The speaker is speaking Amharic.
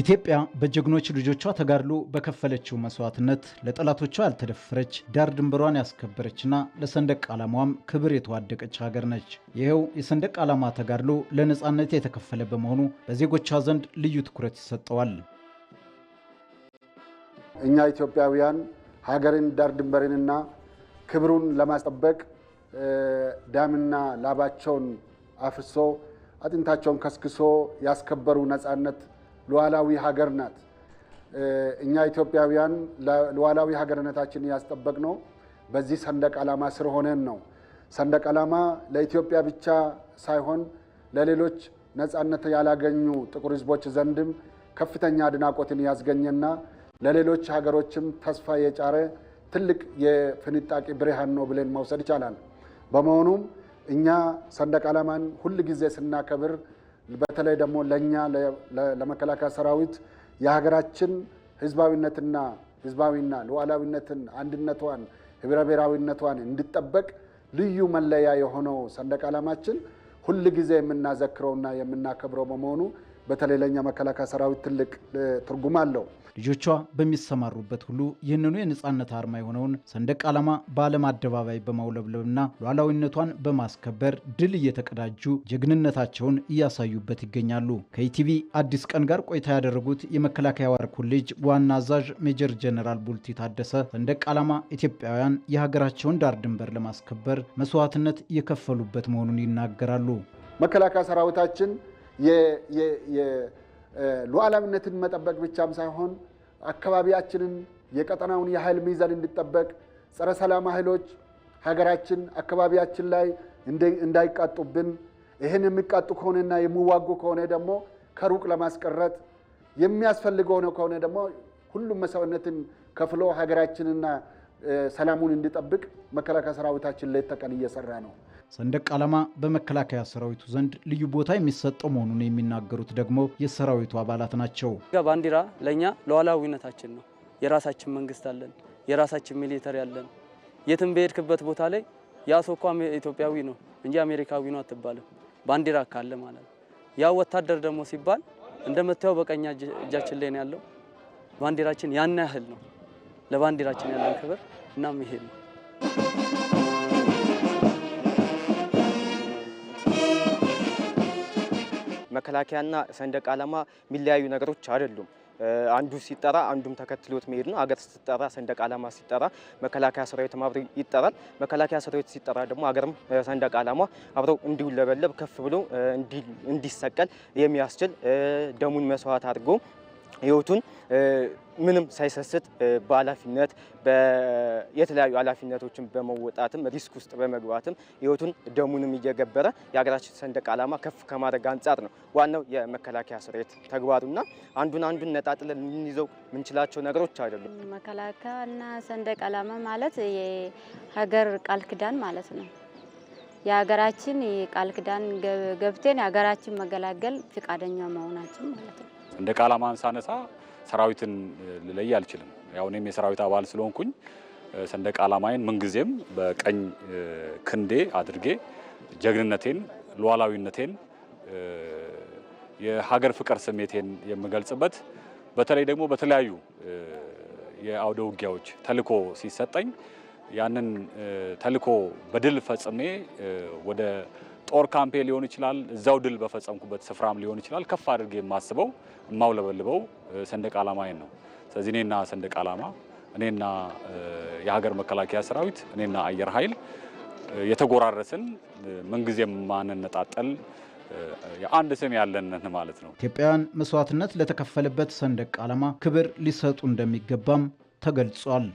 ኢትዮጵያ በጀግኖች ልጆቿ ተጋድሎ በከፈለችው መስዋዕትነት ለጠላቶቿ ያልተደፈረች ዳር ድንበሯን ያስከበረችና ለሰንደቅ ዓላማዋም ክብር የተዋደቀች ሀገር ነች። ይኸው የሰንደቅ ዓላማ ተጋድሎ ለነፃነት የተከፈለ በመሆኑ በዜጎቿ ዘንድ ልዩ ትኩረት ይሰጠዋል። እኛ ኢትዮጵያውያን ሀገርን ዳር ድንበርንና ክብሩን ለማስጠበቅ ዳምና ላባቸውን አፍሶ አጥንታቸውን ከስክሶ ያስከበሩ ነፃነት ሉዓላዊ ሀገር ናት። እኛ ኢትዮጵያውያን ሉዓላዊ ሀገርነታችንን ነው በዚህ ሰንደቅ ዓላማ ስር ሆነን ነው። ሰንደቅ ዓላማ ለኢትዮጵያ ብቻ ሳይሆን ለሌሎች ነፃነት ያላገኙ ጥቁር ሕዝቦች ዘንድም ከፍተኛ አድናቆትን ያስገኘና ለሌሎች ሀገሮችም ተስፋ የጫረ ትልቅ የፍንጣቂ ብርሃን ነው ብለን መውሰድ ይቻላል። በመሆኑም እኛ ሰንደቅ ዓላማን ሁል ጊዜ ስናከብር በተለይ ደግሞ ለእኛ ለመከላከያ ሰራዊት የሀገራችን ህዝባዊነትና ህዝባዊና ሉዓላዊነትን አንድነቷን ህብረ ብሔራዊነቷን እንዲጠበቅ ልዩ መለያ የሆነው ሰንደቅ ዓላማችን ሁል ጊዜ የምናዘክረውና የምናከብረው በመሆኑ በተለይ ለእኛ መከላከያ ሰራዊት ትልቅ ትርጉም አለው። ልጆቿ በሚሰማሩበት ሁሉ ይህንኑ የነፃነት አርማ የሆነውን ሰንደቅ ዓላማ በዓለም አደባባይ በማውለብለብና ሉዓላዊነቷን በማስከበር ድል እየተቀዳጁ ጀግንነታቸውን እያሳዩበት ይገኛሉ። ከኢቲቪ አዲስ ቀን ጋር ቆይታ ያደረጉት የመከላከያ ዋር ኮሌጅ ዋና አዛዥ ሜጀር ጀነራል ቡልቲ ታደሰ ሰንደቅ ዓላማ ኢትዮጵያውያን የሀገራቸውን ዳር ድንበር ለማስከበር መስዋዕትነት የከፈሉበት መሆኑን ይናገራሉ። መከላከያ ሰራዊታችን የሉዓላዊነትን መጠበቅ ብቻም ሳይሆን አካባቢያችንን የቀጠናውን የኃይል ሚዛን እንዲጠበቅ ጸረ ሰላም ኃይሎች ሀገራችን አካባቢያችን ላይ እንዳይቃጡብን ይህን የሚቃጡ ከሆነና የሚዋጉ ከሆነ ደግሞ ከሩቅ ለማስቀረት የሚያስፈልገው ሆነ ከሆነ ደግሞ ሁሉም መሰውነትን ከፍሎ ሀገራችንና ሰላሙን እንዲጠብቅ መከላከያ ሰራዊታችን ሌት ተቀን እየሰራ ነው። ሰንደቅ ዓላማ በመከላከያ ሰራዊቱ ዘንድ ልዩ ቦታ የሚሰጠው መሆኑን የሚናገሩት ደግሞ የሰራዊቱ አባላት ናቸው። ባንዲራ ለእኛ ሉዓላዊነታችን ነው። የራሳችን መንግስት አለን፣ የራሳችን ሚሊተሪ አለን። የትም በሄድክበት ቦታ ላይ የአሶኳ ኢትዮጵያዊ ነው እንጂ አሜሪካዊ ነው አትባልም። ባንዲራ ካለ ማለት ነው። ያ ወታደር ደግሞ ሲባል እንደምታየው በቀኝ እጃችን ላይ ነው ያለው። ባንዲራችን ያን ያህል ነው። ለባንዲራችን ያለን ክብር እናም ይሄ ነው። መከላከያና ሰንደቅ ዓላማ የሚለያዩ ነገሮች አይደሉም። አንዱ ሲጠራ አንዱም ተከትሎት መሄድ ነው። አገር ስትጠራ ሰንደቅ ዓላማ ሲጠራ መከላከያ ሰራዊትም አብሮ ይጠራል። መከላከያ ሰራዊት ሲጠራ ደግሞ አገርም ሰንደቅ ዓላማ አብረው እንዲውለበለብ ከፍ ብሎ እንዲሰቀል የሚያስችል ደሙን መስዋዕት አድርጎ ህይወቱን ምንም ሳይሰስት በኃላፊነት የተለያዩ ኃላፊነቶችን በመወጣትም ሪስክ ውስጥ በመግባትም ህይወቱን ደሙንም እየገበረ የሀገራችን ሰንደቅ ዓላማ ከፍ ከማድረግ አንጻር ነው ዋናው የመከላከያ ሰራዊት ተግባሩና አንዱን አንዱን ነጣጥለን ልንይዘው የምንችላቸው ነገሮች አይደሉም። መከላከያና ሰንደቅ ዓላማ ማለት የሀገር ቃል ክዳን ማለት ነው። የሀገራችን ቃል ክዳን ገብቴን የሀገራችን መገላገል ፍቃደኛ መሆናችን ማለት ነው። እንደ ቃል ሳነሳ ሰራዊትን ልለይ አልችልም። ያው እኔም የሰራዊት አባል ስለሆንኩኝ ሰንደቅ ዓላማዬን ምንጊዜም በቀኝ ክንዴ አድርጌ ጀግንነቴን፣ ሉዓላዊነቴን፣ የሀገር ፍቅር ስሜቴን የምገልጽበት በተለይ ደግሞ በተለያዩ የአውደ ውጊያዎች ተልዕኮ ሲሰጠኝ ያንን ተልኮ በድል ፈጽሜ ወደ ጦር ካምፔ ሊሆን ይችላል፣ እዛው ድል በፈጸምኩበት ስፍራም ሊሆን ይችላል። ከፍ አድርጌ የማስበው የማውለበልበው ሰንደቅ ዓላማዬን ነው። ስለዚህ እኔና ሰንደቅ ዓላማ፣ እኔና የሀገር መከላከያ ሰራዊት፣ እኔና አየር ኃይል የተጎራረስን ምንጊዜም ማንነጣጠል የአንድ ስም ያለንን ማለት ነው። ኢትዮጵያውያን መስዋዕትነት ለተከፈለበት ሰንደቅ ዓላማ ክብር ሊሰጡ እንደሚገባም ተገልጿል።